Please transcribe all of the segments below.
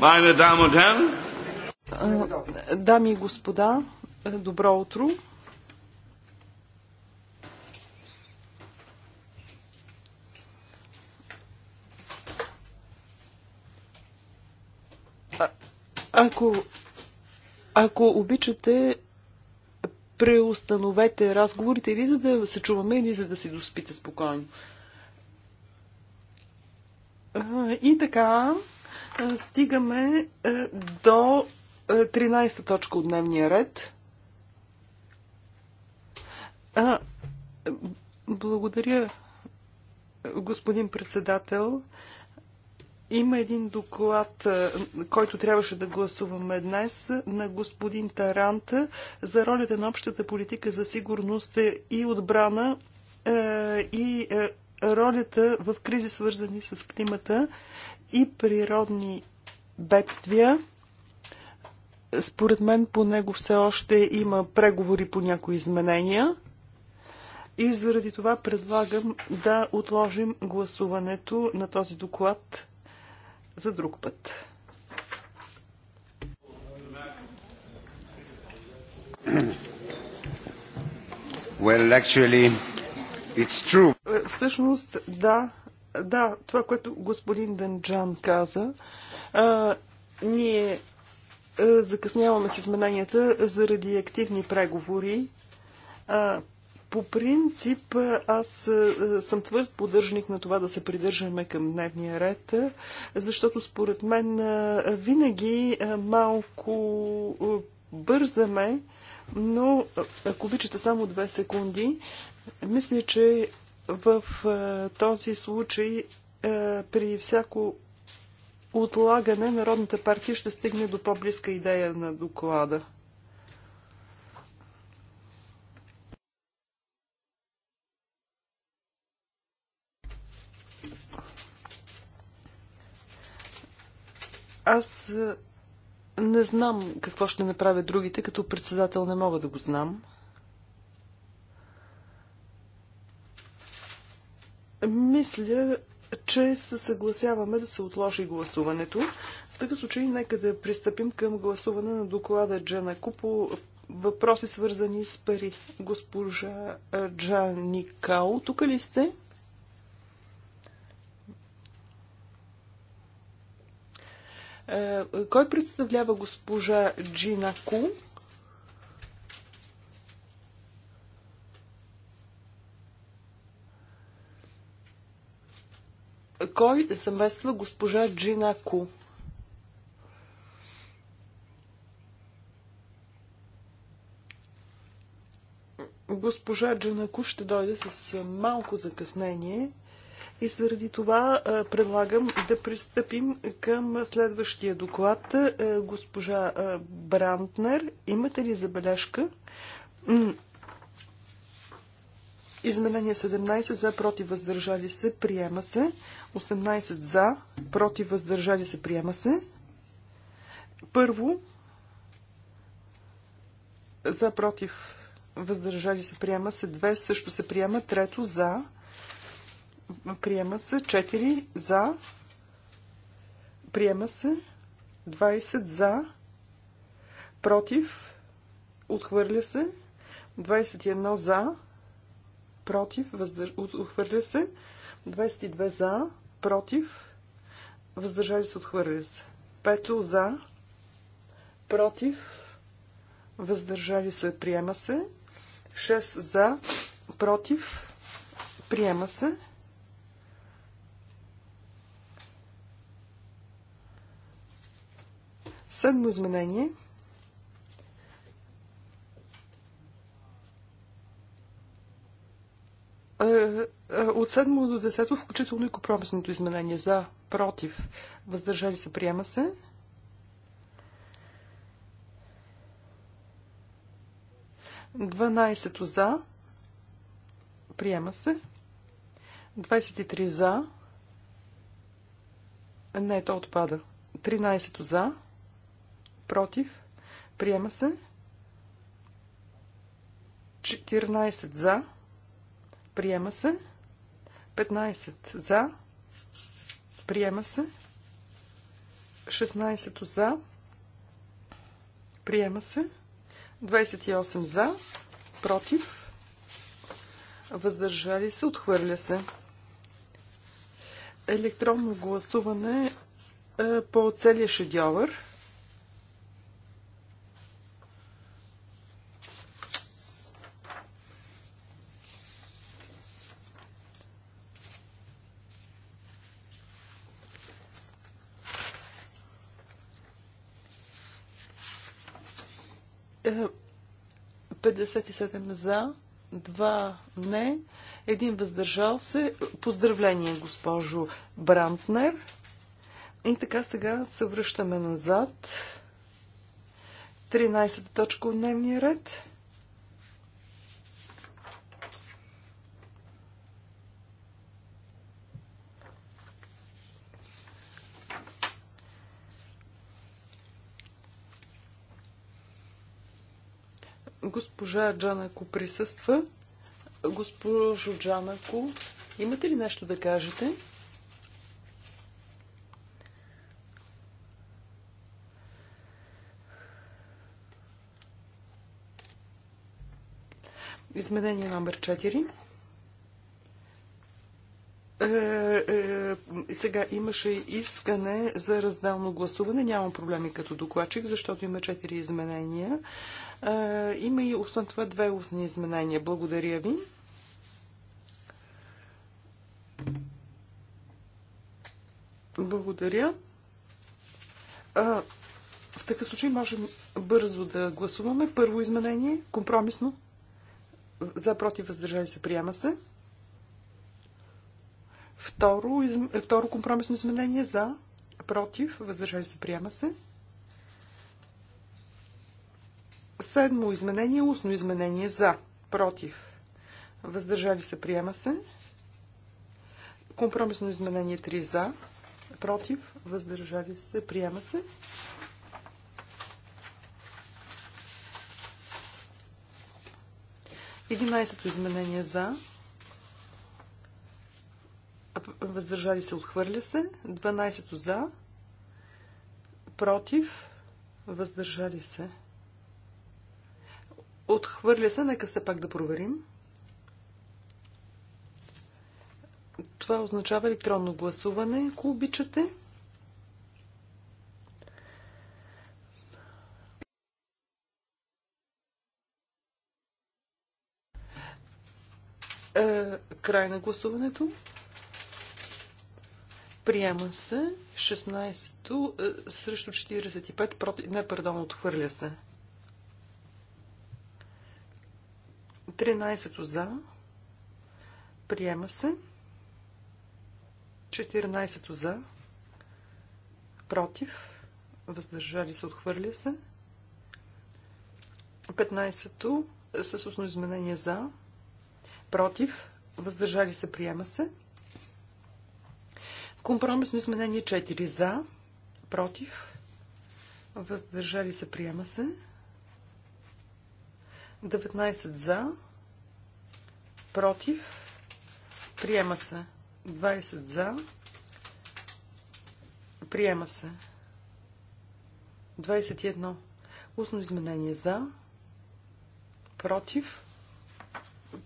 Meine Damen und Herren. Е, дами и господа, е, добро утро. ако, ако обичате, преустановете разговорите или за да се чуваме, или за да си доспите спокойно. И така, стигаме до 13-та точка от дневния ред. Благодаря, господин председател. Има един доклад, който трябваше да гласуваме днес на господин Тарант за ролята на общата политика за сигурност и отбрана и ролята в кризи, свързани с климата и природни бедствия. Според мен по него все още има преговори по някои изменения и заради това предлагам да отложим гласуването на този доклад за друг път. Well, actually, е, всъщност, да, да, това, което господин Денджан каза, а, ние а, е, закъсняваме с измененията заради активни преговори. А, по принцип, е, аз съм твърд поддържник на това да се придържаме към дневния ред, защото според мен винаги малко бързаме, но ако обичате само две секунди, мисля, че в този случай при всяко отлагане Народната партия ще стигне до по-близка идея на доклада. Аз не знам какво ще направя другите, като председател не мога да го знам. Мисля, че се съгласяваме да се отложи гласуването. В такъв случай нека да пристъпим към гласуване на доклада Джана по въпроси свързани с пари. Госпожа Джаникао, тук ли сте? Кой представлява госпожа Джинаку? Ку? Кой замества госпожа Джина Ку? Госпожа Ку ще дойде с малко закъснение и заради това предлагам да пристъпим към следващия доклад. Госпожа Брантнер, имате ли забележка? Изменение 17 за, против, въздържали се, приема се. 18 за, против, въздържали се, приема се. Първо, за, против, въздържали се, приема се. Две също се приема. Трето, за, приема се. 4 за, приема се. 20 за, против, отхвърля се. 21 за, против, отхвърля се. 22 за, против, въздържали се, отхвърля се. 5 за, против, въздържали се, приема се. 6 за, против, приема се. Седмо изменение – Е, е, от 7 до 10 включително и компромисното изменение за, против, въздържали се, приема се. Дванайсето за, приема се. 23 за. Не, то отпада. 13 за. Против. Приема се. 14 за. Приема се. 15 за. Приема се. 16 за. Приема се. 28 за. Против. Въздържали се. Отхвърля се. Електронно гласуване е, по целия шедьовър. 57 за, 2 не, 1 въздържал се. Поздравление, госпожо Брантнер. И така сега се връщаме назад. 13 точка от дневния ред. Госпожа Джанако присъства. Госпожо Джанако, имате ли нещо да кажете? Изменение номер 4. Сега имаше искане за раздално гласуване. Нямам проблеми като докладчик, защото има четири изменения. Е, има и освен това две устни изменения. Благодаря ви. Благодаря. А, в такъв случай можем бързо да гласуваме. Първо изменение, компромисно. За против въздържали се, приема се. Второ, е, второ компромисно изменение за, против, въздържали се, приема се. Седмо изменение, устно изменение за, против, въздържали се, приема се. Компромисно изменение 3 за, против, въздържали се, приема се. Единайсето изменение за, въздържали се, отхвърля се. 12 за, против, въздържали се. Отхвърля се, нека се пак да проверим. Това означава електронно гласуване, ако обичате. Е, край на гласуването. Приема се 16-то е, срещу 45 против... Не, пардон, отхвърля се. 13-то за. Приема се. 14-то за. Против. Въздържали се, отхвърля се. 15-то е, с основно изменение за. Против. Въздържали се, приема се. 16 Компромисно изменение 4 за, против, въздържали се, приема се. 19 за, против, приема се. 20 за, приема се. 21. Устно изменение за, против,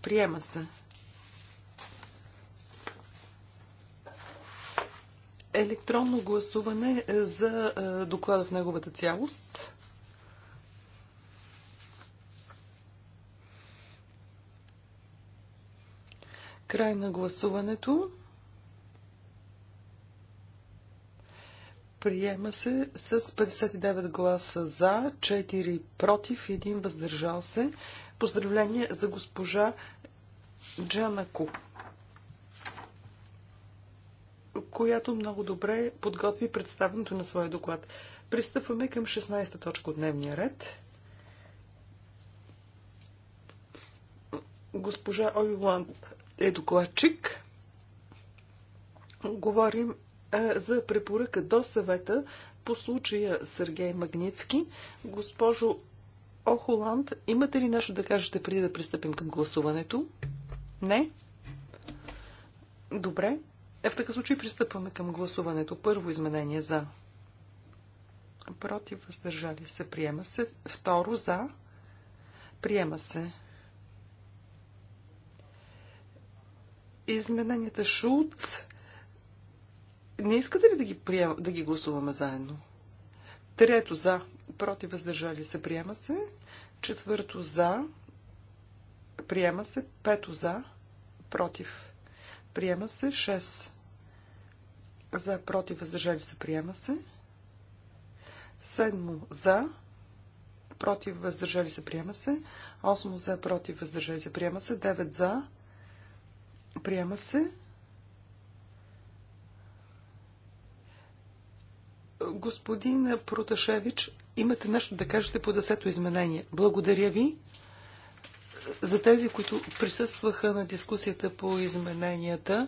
приема се. електронно гласуване е, за е, доклада в неговата цялост. Край на гласуването. Приема се с 59 гласа за, 4 против, 1 въздържал се. Поздравление за госпожа Джана Кук която много добре подготви представенето на своя доклад. Пристъпваме към 16-та точка от дневния ред. Госпожа Овилан е докладчик. Говорим а, за препоръка до съвета по случая Сергей Магницки. Госпожо Охоланд, имате ли нещо да кажете преди да пристъпим към гласуването? Не? Добре. Е, в такъв случай пристъпваме към гласуването. Първо изменение за. Против, въздържали се, приема се. Второ за. Приема се. Измененията Шулц. Не искате ли да ги, прием... да ги гласуваме заедно? Трето за. Против, въздържали се, приема се. Четвърто за. Приема се. Пето за. Против Приема се 6. За, против, въздържали се. Приема се. 7. За, против, въздържали се. Приема се. 8. За, против, въздържали се. Приема се. 9. За, приема се. Господин Проташевич, имате нещо да кажете по десето изменение. Благодаря ви за тези, които присъстваха на дискусията по измененията,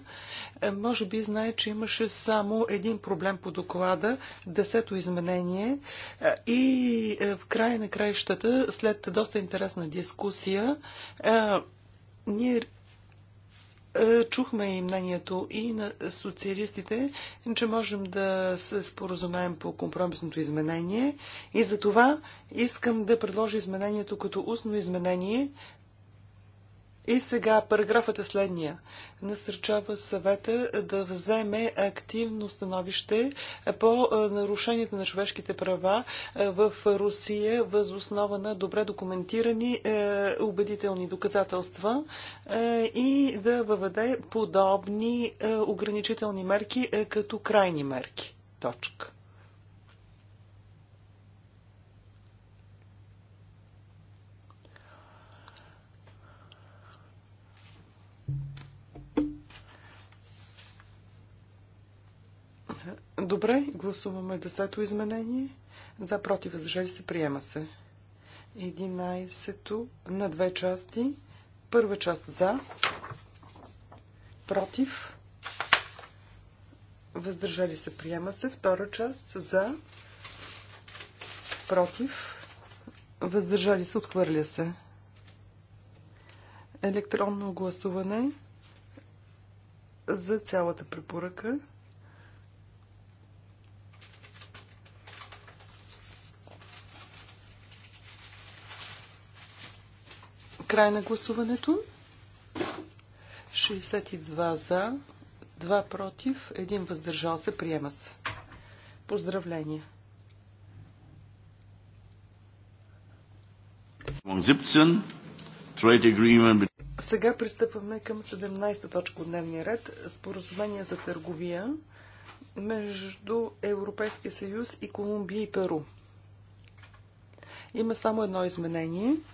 е, може би знае, че имаше само един проблем по доклада, десето изменение е, и е, в края на краищата, след доста интересна дискусия, ние Чухме и мнението и на социалистите, че можем да се споразумеем по компромисното изменение и за това искам да предложа изменението като устно изменение, и сега параграфът е следния. Насърчава съвета да вземе активно становище по е, нарушенията на човешките права е, в Русия възоснова на добре документирани е, убедителни доказателства и да въведе подобни ограничителни мерки като крайни мерки. Точка. Добре, гласуваме десето изменение. За против въздържали се приема се. 11 на две части. Първа част за, против, въздържали се, приема се. Втора част за, против, въздържали се, отхвърля се. Електронно гласуване за цялата препоръка. Край на гласуването. 62 за, 2 против, 1 въздържал се, приема се. Поздравления! Сега пристъпваме към 17-та точка от дневния ред. Споразумение за търговия между Европейския съюз и Колумбия и Перу. Има само едно изменение –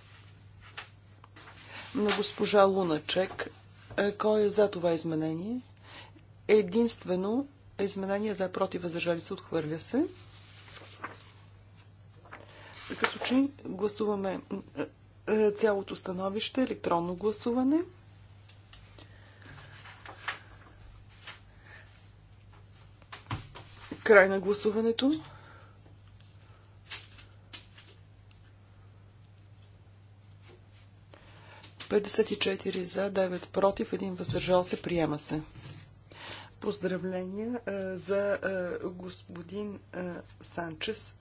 на госпожа Луначек. Е, кой е за това изменение? Единствено изменение за против въздържали се отхвърля се. В такъв случай гласуваме е, е, цялото становище, електронно гласуване. Край на гласуването. 54 за, 9 против, 1 въздържал се, приема се. Поздравления за господин Санчес.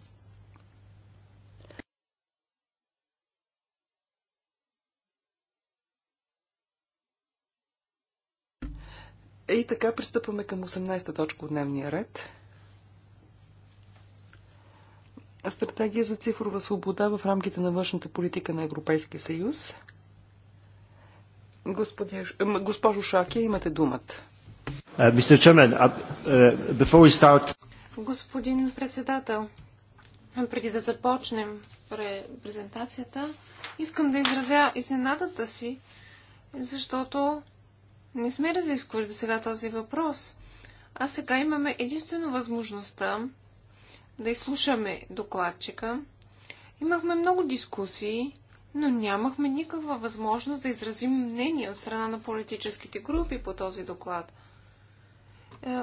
И така пристъпваме към 18-та точка от дневния ред. Стратегия за цифрова свобода в рамките на външната политика на Европейския съюз госпожо Шакия, имате думата. Е, е, Господин председател, преди да започнем презентацията, искам да изразя изненадата си, защото не сме разисквали до сега този въпрос, а сега имаме единствено възможността да изслушаме докладчика. Имахме много дискусии но нямахме никаква възможност да изразим мнение от страна на политическите групи по този доклад. Е,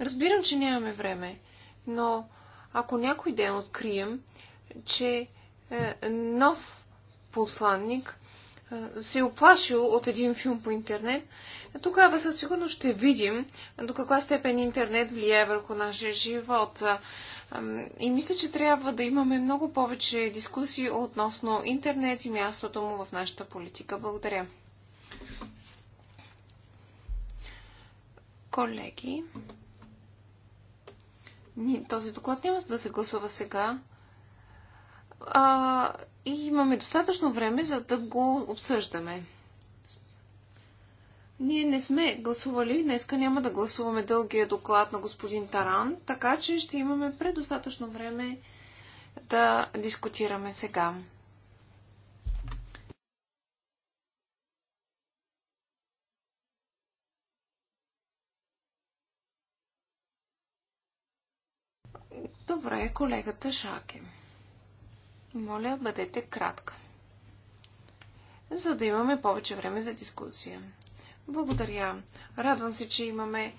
разбирам, че нямаме време, но ако някой ден открием, че е, нов посланник е, се е оплашил от един филм по интернет, тогава със сигурност ще видим до каква степен интернет влияе върху нашия живот. И мисля, че трябва да имаме много повече дискусии относно интернет и мястото му в нашата политика. Благодаря. Колеги, този доклад няма да се гласува сега. А, и имаме достатъчно време, за да го обсъждаме. Ние не сме гласували, днеска няма да гласуваме дългия доклад на господин Таран, така че ще имаме предостатъчно време да дискутираме сега. Добре, колегата Шаке. Моля, бъдете кратка, за да имаме повече време за дискусия. Благодаря. Радвам се, че имаме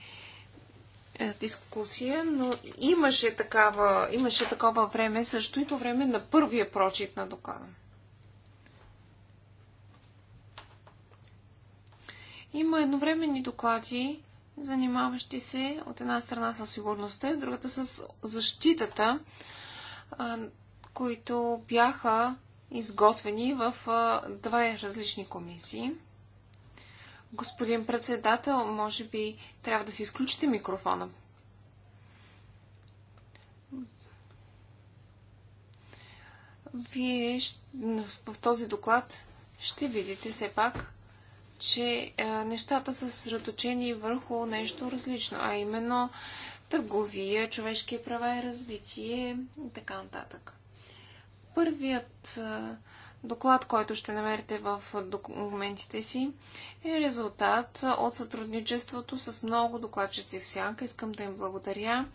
е, дискусия, но имаше, такава, имаше такова време също и по време на първия прочит на доклада. Има едновременни доклади, занимаващи се от една страна с сигурността, от другата с защитата, които бяха изготвени в две различни комисии – Господин председател, може би трябва да си изключите микрофона. Вие в този доклад ще видите все пак, че е, нещата са съсредоточени върху нещо различно, а именно търговия, човешки права и развитие и така нататък. Първият е, Доклад, който ще намерите в документите си, е резултат от сътрудничеството с много докладчици в Сянка. Искам да им благодаря.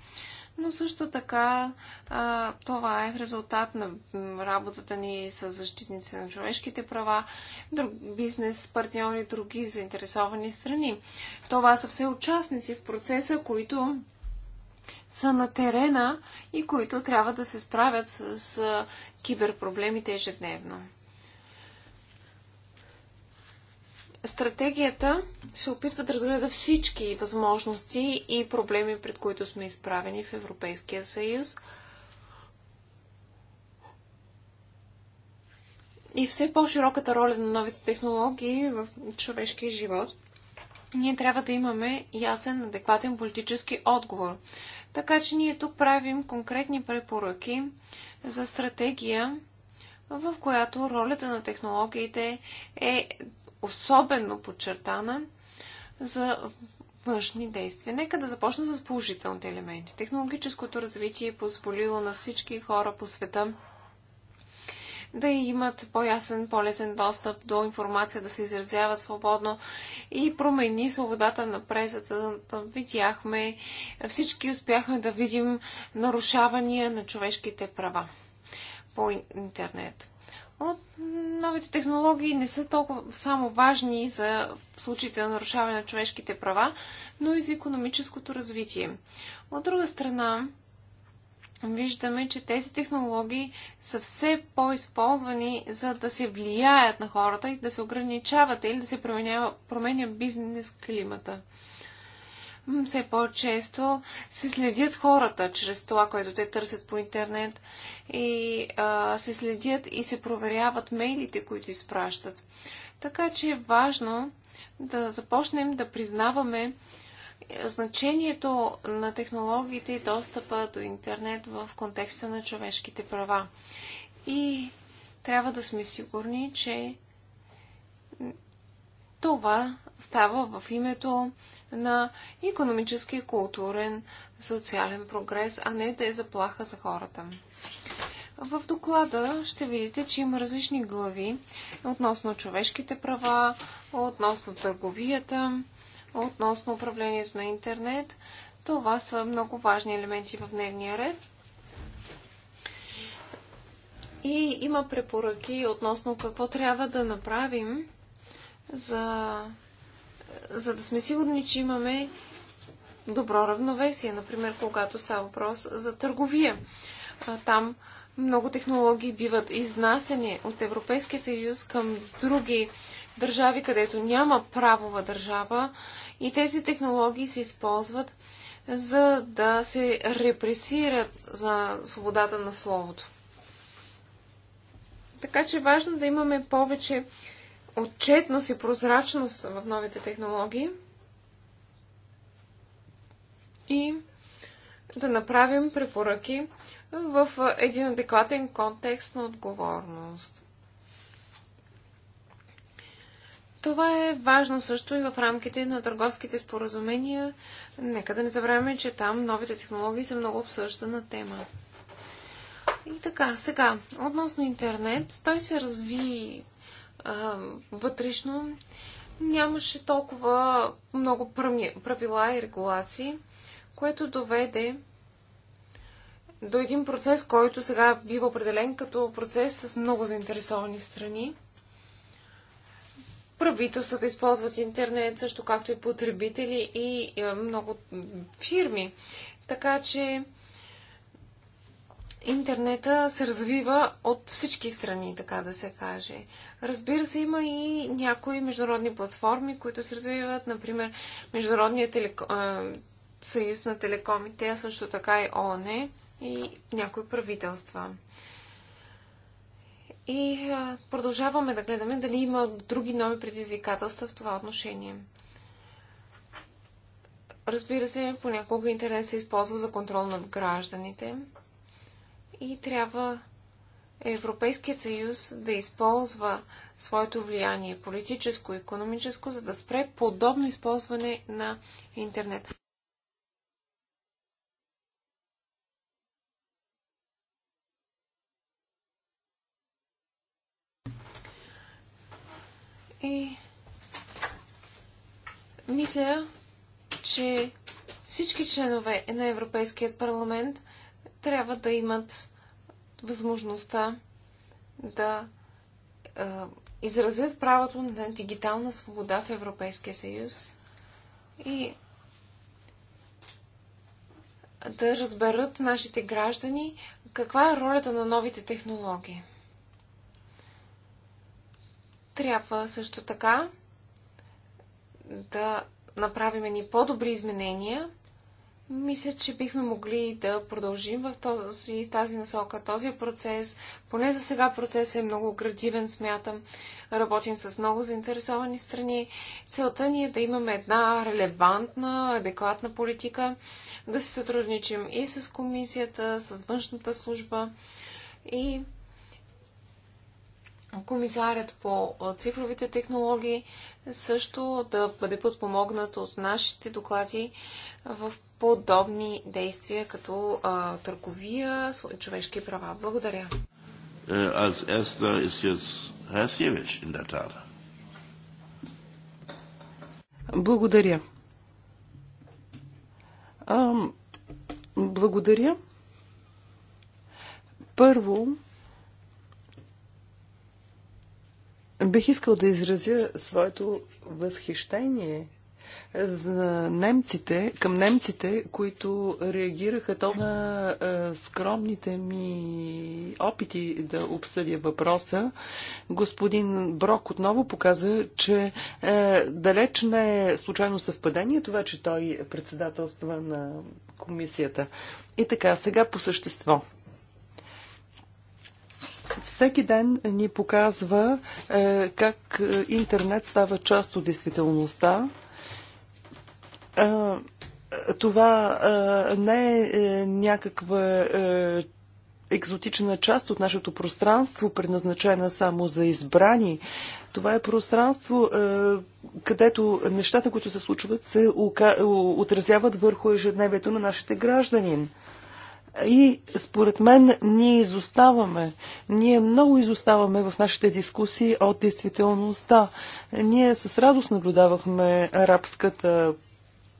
Но също така това е в резултат на работата ни с защитници на човешките права, друг бизнес, партньори, други заинтересовани страни. Това са все участници в процеса, които са на терена и които трябва да се справят с, с киберпроблемите ежедневно. Стратегията се опитва да разгледа всички възможности и проблеми, пред които сме изправени в Европейския съюз. И все по-широката роля на новите технологии в човешкия живот. Ние трябва да имаме ясен, адекватен политически отговор. Така че ние тук правим конкретни препоръки за стратегия в която ролята на технологиите е особено подчертана за външни действия. Нека да започна с положителните елементи. Технологическото развитие е позволило на всички хора по света да имат по-ясен, по-лесен достъп до информация, да се изразяват свободно и промени свободата на пресата. Видяхме, всички успяхме да видим нарушавания на човешките права по интернет от новите технологии не са толкова само важни за случаите на нарушаване на човешките права, но и за економическото развитие. От друга страна, виждаме, че тези технологии са все по-използвани за да се влияят на хората и да се ограничават или да се променя, променя бизнес климата все по-често се следят хората чрез това, което те търсят по интернет и а, се следят и се проверяват мейлите, които изпращат. Така че е важно да започнем да признаваме е, значението на технологиите и достъпа до интернет в контекста на човешките права. И трябва да сме сигурни, че това става в името на економически, културен, социален прогрес, а не да е заплаха за хората. В доклада ще видите, че има различни глави относно човешките права, относно търговията, относно управлението на интернет. Това са много важни елементи в дневния ред. И има препоръки относно какво трябва да направим за за да сме сигурни, че имаме добро равновесие. Например, когато става въпрос за търговия. Там много технологии биват изнасяни от Европейския съюз към други държави, където няма правова държава и тези технологии се използват за да се репресират за свободата на словото. Така че важно да имаме повече отчетност и прозрачност в новите технологии и да направим препоръки в един адекватен контекст на отговорност. Това е важно също и в рамките на търговските споразумения. Нека да не забравяме, че там новите технологии са много обсъждана тема. И така, сега, относно интернет, той се разви вътрешно нямаше толкова много правила и регулации, което доведе до един процес, който сега бива определен като процес с много заинтересовани страни. Правителствата използват интернет, също както и потребители и е, много фирми. Така че интернета се развива от всички страни, така да се каже. Разбира се, има и някои международни платформи, които се развиват, например Международният телеко... съюз на телекомите, а също така и ООН и някои правителства. И продължаваме да гледаме дали има други нови предизвикателства в това отношение. Разбира се, понякога интернет се използва за контрол над гражданите – и трябва Европейският съюз да използва своето влияние политическо и економическо, за да спре подобно използване на интернет. И мисля, че всички членове на Европейският парламент трябва да имат възможността да е, изразят правото на дигитална свобода в Европейския съюз и да разберат нашите граждани каква е ролята на новите технологии. Трябва също така да направим ни по-добри изменения – мисля, че бихме могли да продължим в този, тази насока, този процес. Поне за сега процес е много градивен, смятам. Работим с много заинтересовани страни. Целта ни е да имаме една релевантна, адекватна политика, да се сътрудничим и с комисията, с външната служба и комисарят по цифровите технологии също да бъде подпомогнат от нашите доклади в подобни действия, като а, търговия, човешки права. Благодаря. Е, благодаря. благодаря. Първо, Бих искал да изразя своето възхищение за немците, към немците, които реагираха то на скромните ми опити да обсъдя въпроса. Господин Брок отново показа, че е, далеч не е случайно съвпадение това, че той председателства на комисията. И така, сега по същество всеки ден ни показва е, как е, интернет става част от действителността. Е, това не е някаква екзотична част от нашето пространство, предназначена само за избрани. Това е пространство, където нещата, които се случват, се отразяват върху ежедневието на нашите гражданин. И според мен ние изоставаме. Ние много изоставаме в нашите дискусии от действителността. Ние с радост наблюдавахме арабската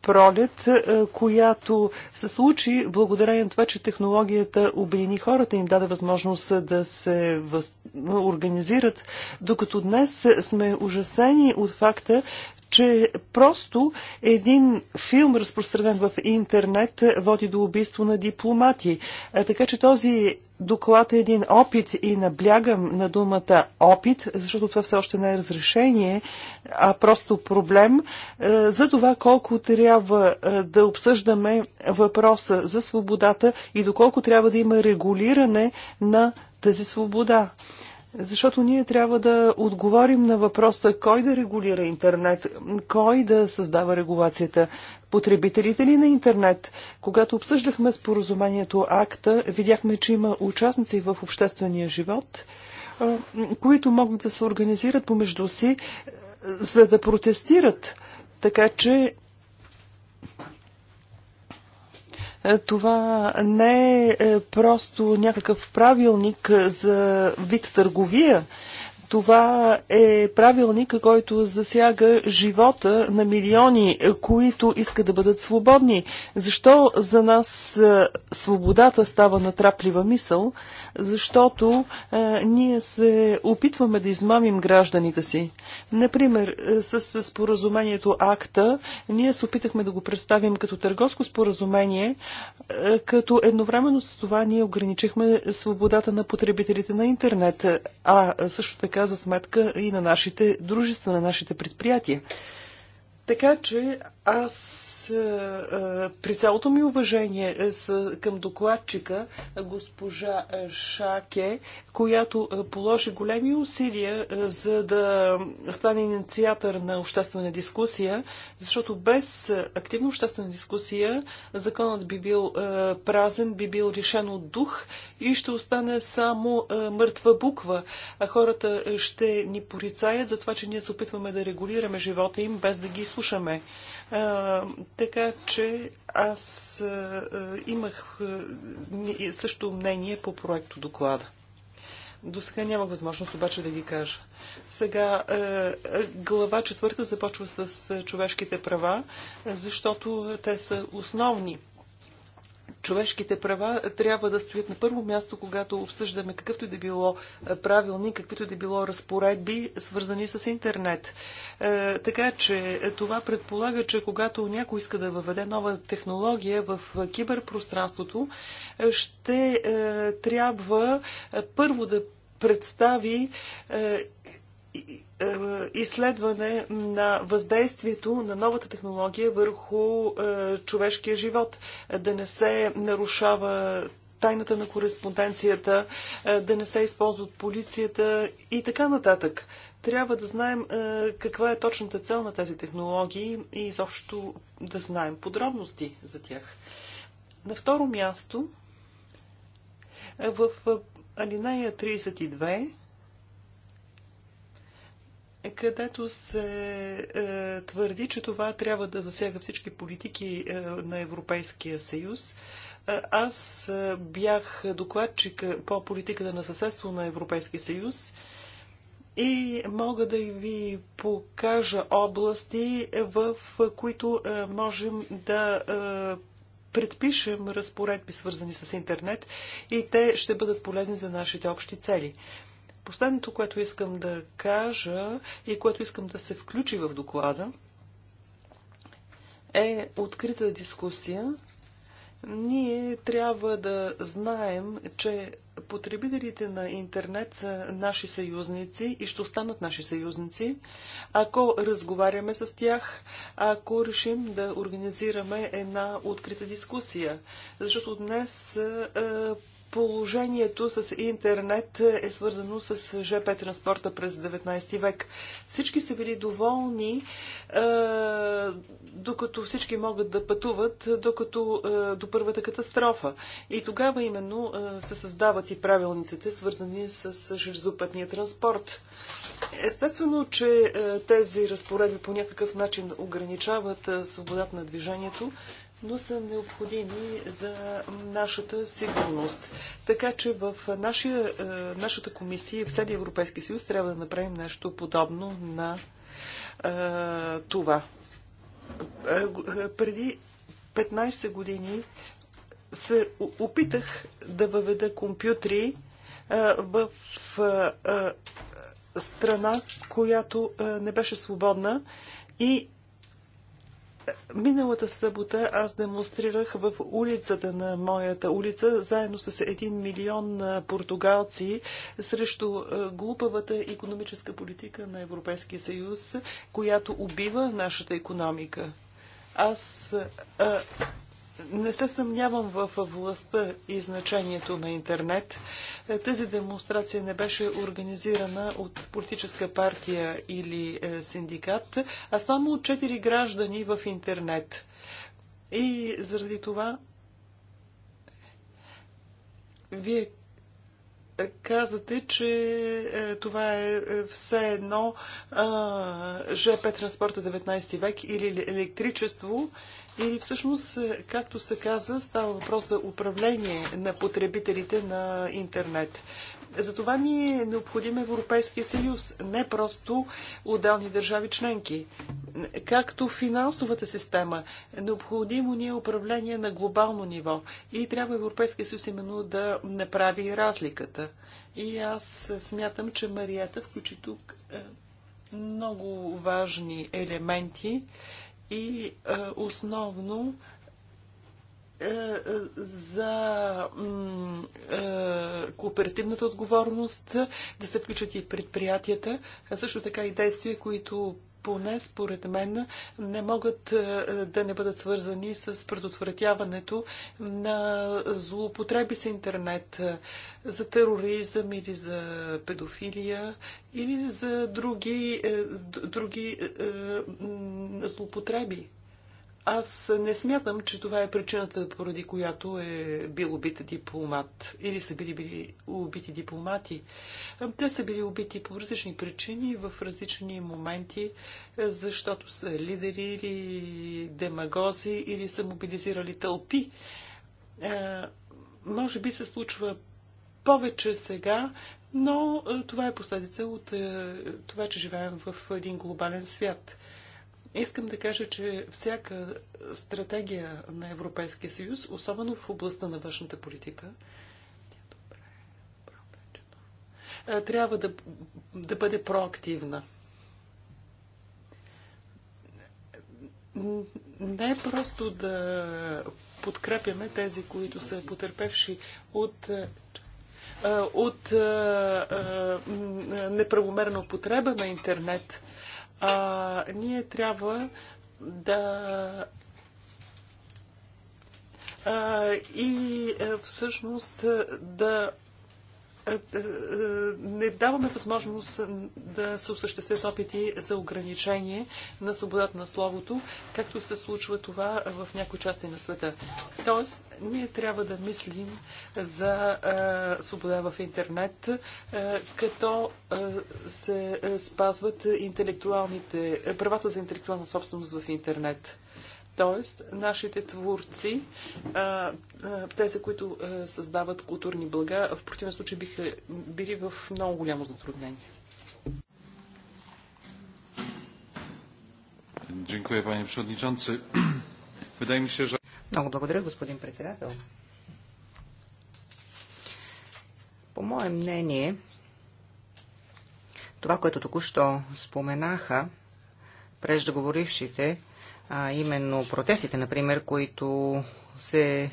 пролет, е, която се случи благодарение на това, че технологията обедини хората и им даде възможност да се въз... организират, докато днес сме ужасени от факта, че просто един филм, разпространен в интернет, води до убийство на дипломати. Така че този доклад е един опит и наблягам на думата опит, защото това все още не е разрешение, а просто проблем за това колко трябва да обсъждаме въпроса за свободата и доколко трябва да има регулиране на тази свобода. Защото ние трябва да отговорим на въпроса кой да регулира интернет, кой да създава регулацията, потребителите ли на интернет. Когато обсъждахме споразумението АКТА, видяхме, че има участници в обществения живот, които могат да се организират помежду си, за да протестират. Така че е, това не е просто някакъв правилник за вид търговия. Това е правилник, който засяга живота на милиони, които искат да бъдат свободни. Защо за нас е, свободата става натраплива мисъл? Защото е, ние се опитваме да измамим гражданите си. Например, е, с споразумението АКТА, ние се опитахме да го представим като търговско споразумение, е, като едновременно с това ние ограничихме свободата на потребителите на интернет, е, а също така за сметка и на нашите дружества, на нашите предприятия. Така че аз при цялото ми уважение към докладчика госпожа Шаке, която положи големи усилия за да стане инициатор на обществена дискусия, защото без активна обществена дискусия законът би бил празен, би бил решен от дух и ще остане само мъртва буква. А хората ще ни порицаят за това, че ние се опитваме да регулираме живота им без да ги слушаме така че аз имах също мнение по проекто доклада. До сега нямах възможност обаче да ги кажа. Сега глава четвърта започва с човешките права, защото те са основни човешките права трябва да стоят на първо място, когато обсъждаме какъвто и да било е, правилни, каквито и да било разпоредби, свързани с интернет. Е, така че е, това предполага, че когато някой иска да въведе нова технология в киберпространството, ще трябва първо да представи е, изследване на въздействието на новата технология върху е, човешкия живот, е, да не се нарушава тайната на кореспонденцията, да не се използват полицията и така нататък. Трябва да знаем каква е точната цел на тези технологии и изобщо да знаем подробности за тях. На второ място, в алинея 32 е където се е, твърди, че това трябва да засяга всички политики е, на Европейския съюз. Е, аз е, бях докладчик по политиката на съседство на Европейския съюз и мога да ви покажа области, в които е, можем да е, предпишем разпоредби, свързани с интернет и те ще бъдат полезни за нашите общи цели. Последното, което искам да кажа и което искам да се включи в доклада, е открита дискусия. Ние трябва да знаем, че потребителите на интернет са наши съюзници и ще останат наши съюзници, ако разговаряме с тях, ако решим да организираме една открита дискусия. Защото днес е, Положението с интернет е свързано с ЖП транспорта през 19 век. Всички са били доволни, е, докато всички могат да пътуват, докато е, до първата катастрофа. И тогава именно е, се създават и правилниците, свързани с, железопътния транспорт. Естествено, че тези разпоредби по някакъв начин ограничават свободата на движението, но са необходими за нашата сигурност. Така че в нашия, е, нашата комисия в целия Европейски съюз трябва да направим нещо подобно на а, е, това. Е, преди 15 години се опитах да въведа компютри а, в а, страна, която не беше свободна и Миналата събота аз демонстрирах в улицата на моята улица, заедно с един милион португалци, срещу глупавата економическа политика на Европейския съюз, която убива нашата економика. Аз а, не се съмнявам в властта и значението на интернет. Е, тази демонстрация не беше организирана от политическа партия или е, синдикат, а само от четири граждани в интернет. И заради това вие е, казате, че това е все едно ЖП транспорта 19 век или електричество. Или всъщност, е, както се каза, става въпрос за управление на потребителите на интернет. Затова ни е необходим Европейския съюз, не просто отделни държави членки. Както финансовата система, необходимо ни е управление на глобално ниво и трябва Европейския съюз именно да направи разликата. И аз смятам, че Марията включи тук е, много важни елементи и основно за кооперативната отговорност, да се включат и предприятията, а също така и действия, които поне според мен не могат е, да не бъдат свързани с предотвратяването на злоупотреби с интернет е, за тероризъм или за педофилия или за други, е, други злоупотреби. Аз не смятам, че това е причината, поради която е бил убит дипломат или са били, били убити дипломати. Те са били убити по различни причини, в различни моменти, защото са лидери или демагози или са мобилизирали тълпи. Е, може би се случва повече сега, но е, това е последица от е, това, че живеем в един глобален свят – Искам да кажа, че всяка стратегия на Европейския съюз, особено в областта на външната политика, е е, трябва да, да бъде проактивна. Не просто да подкрепяме тези, които са потерпевши от е, от неправомерна употреба на интернет, а, ние трябва да и е, всъщност да е, е, не даваме възможност да се осъществят опити за ограничение на свободата на словото, както се случва това в някои части на света. Тоест, ние трябва да мислим за е, свобода в интернет, като се спазват интелектуалните, правата за интелектуална собственост в интернет. Тоест, нашите творци, тези, които създават културни блага, в противен случай биха били в много голямо затруднение. Много благодаря, господин председател. По мое мнение, това, което току-що споменаха преждоговорившите, а именно протестите, например, които се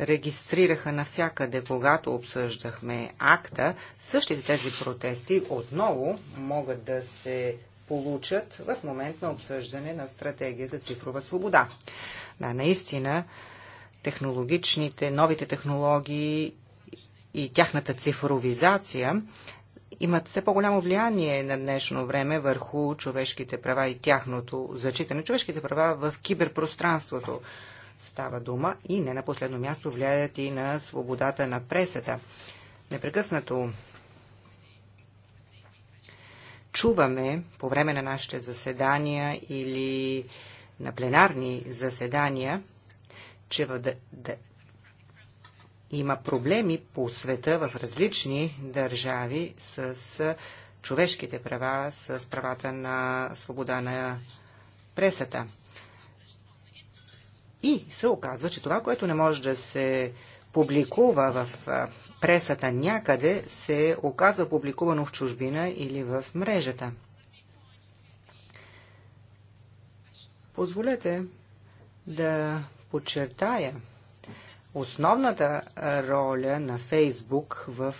регистрираха навсякъде, когато обсъждахме акта, същите тези протести отново могат да се получат в момент на обсъждане на стратегията цифрова свобода. Да, наистина, технологичните, новите технологии и тяхната цифровизация имат все по-голямо влияние на днешно време върху човешките права и тяхното зачитане. Човешките права в киберпространството става дума и не на последно място влияят и на свободата на пресата. Непрекъснато чуваме по време на нашите заседания или на пленарни заседания, че в има проблеми по света в различни държави с човешките права, с правата на свобода на пресата. И се оказва, че това, което не може да се публикува в пресата някъде, се оказва публикувано в чужбина или в мрежата. Позволете да подчертая, основната роля на Фейсбук в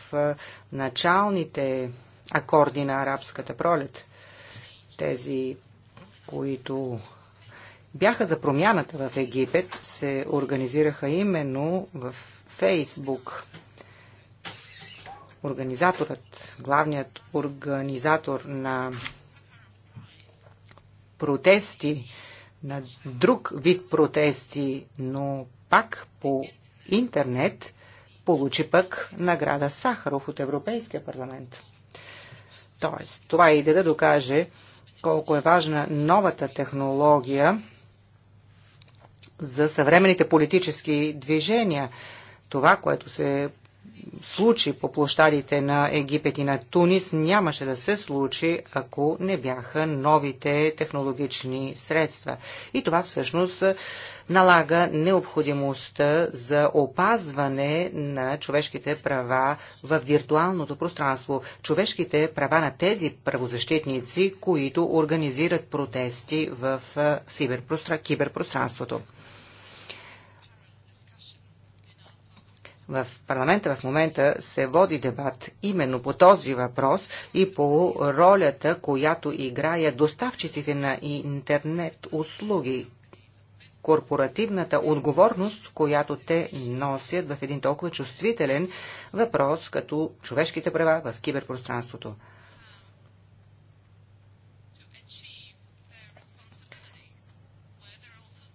началните акорди на арабската пролет. Тези, които бяха за промяната в Египет, се организираха именно в Фейсбук. Организаторът, главният организатор на протести, на друг вид протести, но пак по интернет, получи пък награда Сахаров от Европейския парламент. Тоест, това е и да докаже колко е важна новата технология за съвременните политически движения. Това, което се случи по площадите на Египет и на Тунис, нямаше да се случи, ако не бяха новите технологични средства. И това всъщност налага необходимостта за опазване на човешките права в виртуалното пространство, човешките права на тези правозащитници, които организират протести в киберпространството. В парламента в момента се води дебат именно по този въпрос и по ролята, която играе доставчиците на интернет услуги корпоративната отговорност, която те носят в един толкова чувствителен въпрос, като човешките права в киберпространството.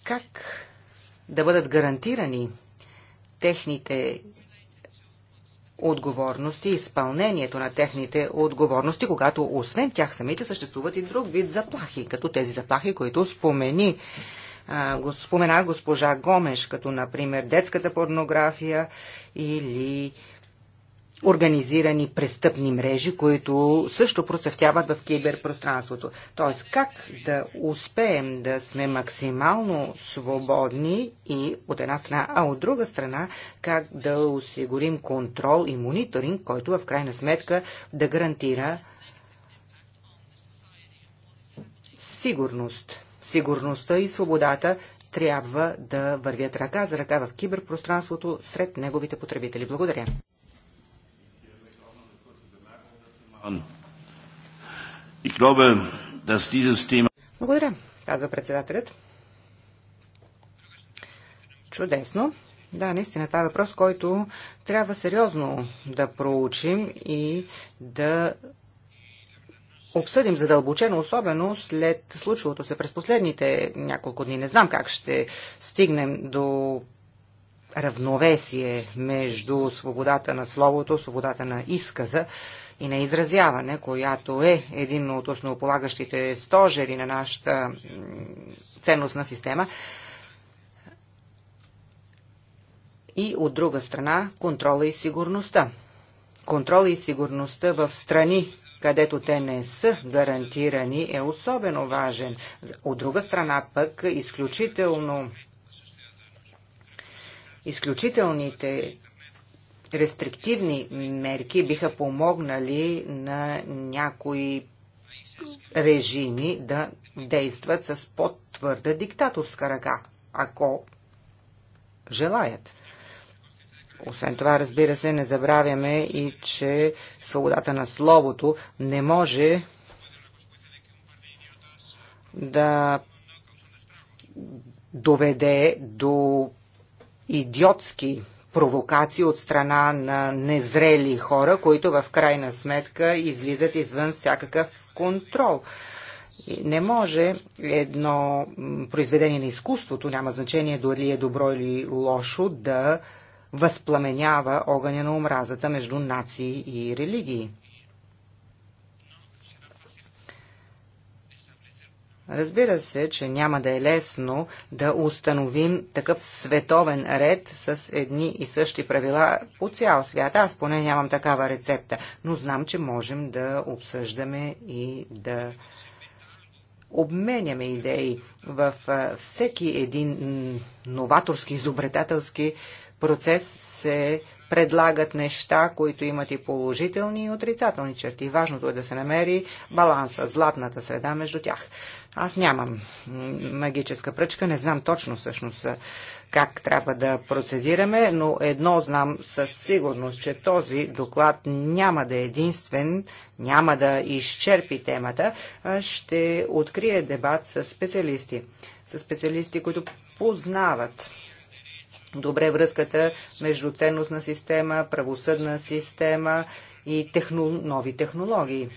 Как да бъдат гарантирани техните отговорности, изпълнението на техните отговорности, когато освен тях самите съществуват и друг вид заплахи, като тези заплахи, които спомени спомена госпожа Гомеш, като например детската порнография или организирани престъпни мрежи, които също процъфтяват в киберпространството. Т.е. как да успеем да сме максимално свободни и от една страна, а от друга страна, как да осигурим контрол и мониторинг, който в крайна сметка да гарантира сигурност. Сигурността и свободата трябва да вървят ръка за ръка в киберпространството сред неговите потребители. Благодаря. Благодаря, казва председателят. Чудесно. Да, наистина, това е въпрос, който трябва сериозно да проучим и да обсъдим задълбочено, особено след случилото се през последните няколко дни. Не знам как ще стигнем до равновесие между свободата на словото, свободата на изказа и на изразяване, която е един от основополагащите стожери на нашата ценностна система, и от друга страна контрола и сигурността. Контрола и сигурността в страни, където те не са гарантирани, е особено важен. От друга страна пък изключително изключителните рестриктивни мерки биха помогнали на някои режими да действат с по-твърда диктаторска ръка, ако желаят. Освен това, разбира се, не забравяме и, че свободата на словото не може да доведе до идиотски провокации от страна на незрели хора, които в крайна сметка излизат извън всякакъв контрол. Не може едно произведение на изкуството, няма значение дали е добро или лошо, да възпламенява огъня на омразата между нации и религии. Разбира се, че няма да е лесно да установим такъв световен ред с едни и същи правила по цял свят. Аз поне нямам такава рецепта, но знам, че можем да обсъждаме и да обменяме идеи във всеки един новаторски, изобретателски процес се предлагат неща, които имат и положителни и отрицателни черти. Важното е да се намери баланса, златната среда между тях. Аз нямам магическа пръчка, не знам точно всъщност как трябва да процедираме, но едно знам със сигурност, че този доклад няма да е единствен, няма да изчерпи темата, ще открие дебат с специалисти. С специалисти, които познават добре връзката между ценностна система, правосъдна система и техно... нови технологии.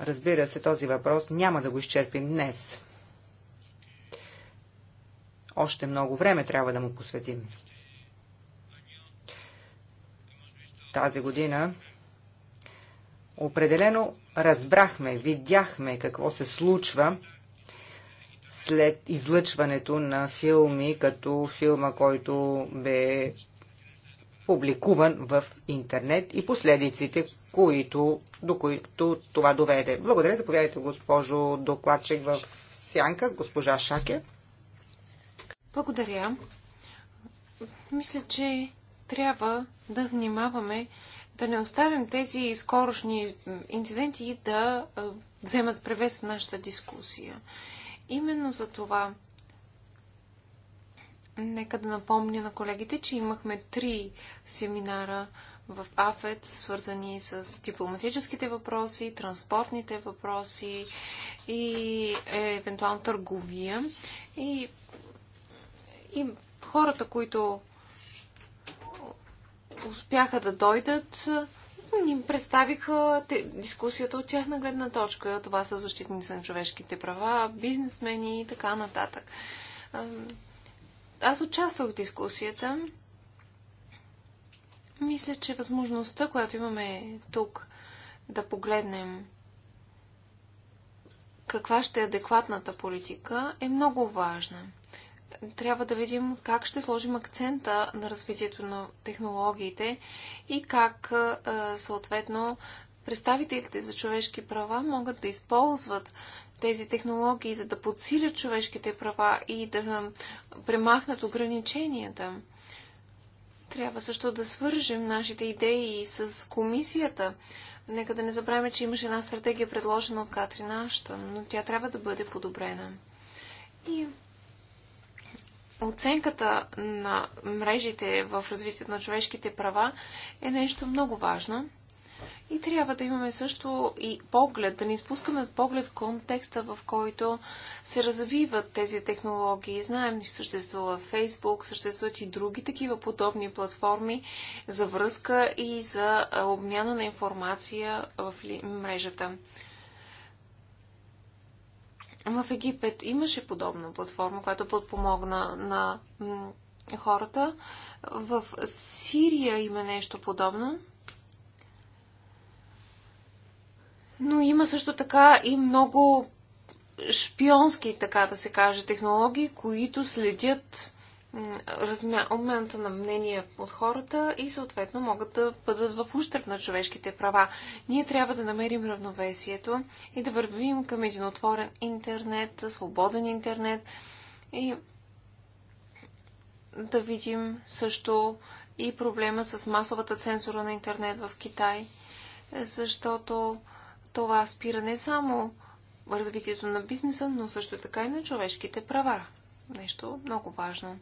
Разбира се, този въпрос няма да го изчерпим днес. Още много време трябва да му посветим. Тази година определено разбрахме, видяхме какво се случва след излъчването на филми, като филма, който бе публикуван в интернет и последиците, които, до които това доведе. Благодаря. Заповядайте, госпожо докладчик в Сянка, госпожа Шаке. Благодаря. Мисля, че трябва да внимаваме да не оставим тези скорошни инциденти да вземат превес в нашата дискусия. Именно за това нека да напомня на колегите, че имахме три семинара в АФЕД, свързани с дипломатическите въпроси, транспортните въпроси и е, евентуално търговия. И, и хората, които успяха да дойдат, ни представиха те, дискусията от тяхна гледна точка. Това са защитници на човешките права, бизнесмени и така нататък. Аз участвах в дискусията. Мисля, че възможността, която имаме тук да погледнем каква ще е адекватната политика, е много важна трябва да видим как ще сложим акцента на развитието на технологиите и как съответно представителите за човешки права могат да използват тези технологии, за да подсилят човешките права и да премахнат ограниченията. Трябва също да свържем нашите идеи с комисията. Нека да не забравяме, че имаше една стратегия предложена от Катрина Аштън, но тя трябва да бъде подобрена. И оценката на мрежите в развитието на човешките права е нещо много важно. И трябва да имаме също и поглед, да не изпускаме от поглед контекста, в който се развиват тези технологии. Знаем, че съществува Facebook, съществуват и други такива подобни платформи за връзка и за обмяна на информация в мрежата. В Египет имаше подобна платформа, която подпомогна на хората. В Сирия има нещо подобно. Но има също така и много шпионски, така да се каже, технологии, които следят размя... на мнения от хората и съответно могат да бъдат в ущърб на човешките права. Ние трябва да намерим равновесието и да вървим към един отворен интернет, свободен интернет и да видим също и проблема с масовата цензура на интернет в Китай, защото това спира не само развитието на бизнеса, но също така и на човешките права нещо много важно.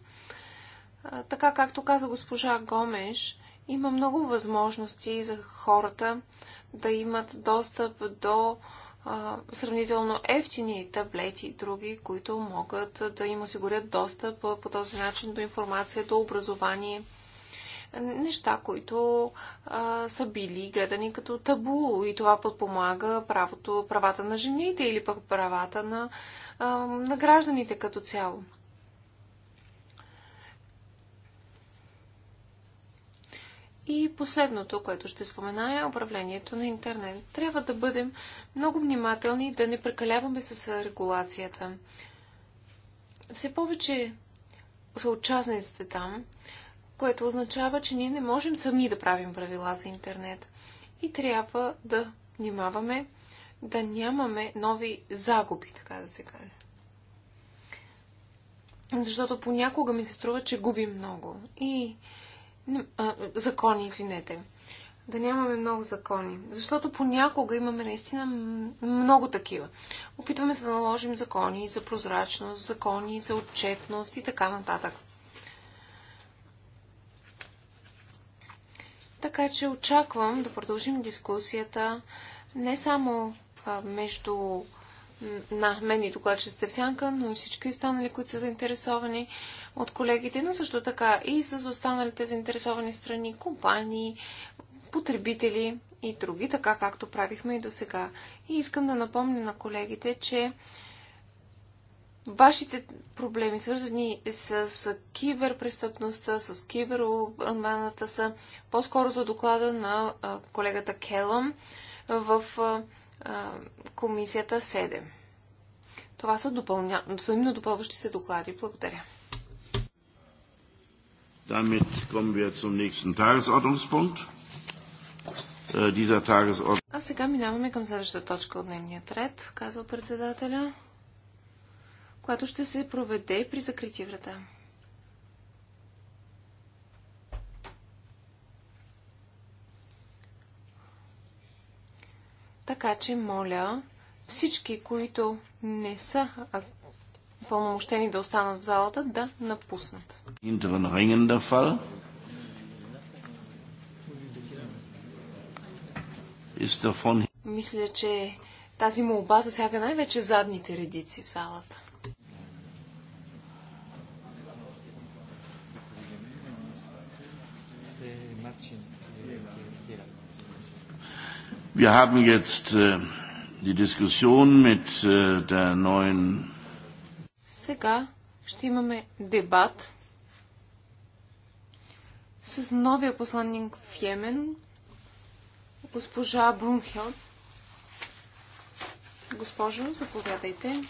Така както каза госпожа Гомеш, има много възможности за хората да имат достъп до а, сравнително ефтини таблети и други, които могат да им осигурят достъп по този начин до информация, до образование неща, които а, са били гледани като табу и това подпомага правото, правата на жените или пък правата на, а, на гражданите като цяло. И последното, което ще спомена е управлението на интернет. Трябва да бъдем много внимателни и да не прекаляваме с регулацията. Все повече са участниците там, което означава, че ние не можем сами да правим правила за интернет. И трябва да внимаваме да нямаме нови загуби, така да се каже. Защото понякога ми се струва, че губим много. И а, закони, извинете. Да нямаме много закони. Защото понякога имаме наистина много такива. Опитваме се да наложим закони за прозрачност, закони за отчетност и така нататък. Така че очаквам да продължим дискусията не само между на мен и докладчиците в сянка, но и всички останали, които са заинтересовани от колегите, но също така и с останалите заинтересовани страни, компании, потребители и други, така както правихме и до сега. И искам да напомня на колегите, че вашите проблеми, свързани с, с киберпрестъпността, с киберобраната, са по-скоро за доклада на а, колегата Келъм в а, а, комисията 7. Това са взаимно допълващи се доклади. Благодаря. Damit kommen wir zum nächsten Tagesordnungspunkt. Äh, dieser Tagesordnung... А сега минаваме към следващата точка от дневния ред, казва председателя която ще се проведе при закрити врата. Така че, моля, всички, които не са пълномощени да останат в залата, да напуснат. Мисля, че тази молба засяга най-вече задните редици в залата. Wir haben jetzt äh, die Diskussion mit äh, der neuen. Сега ще имаме дебат с новия посланник в Йемен, госпожа Брунхелд. Госпожо, заповядайте.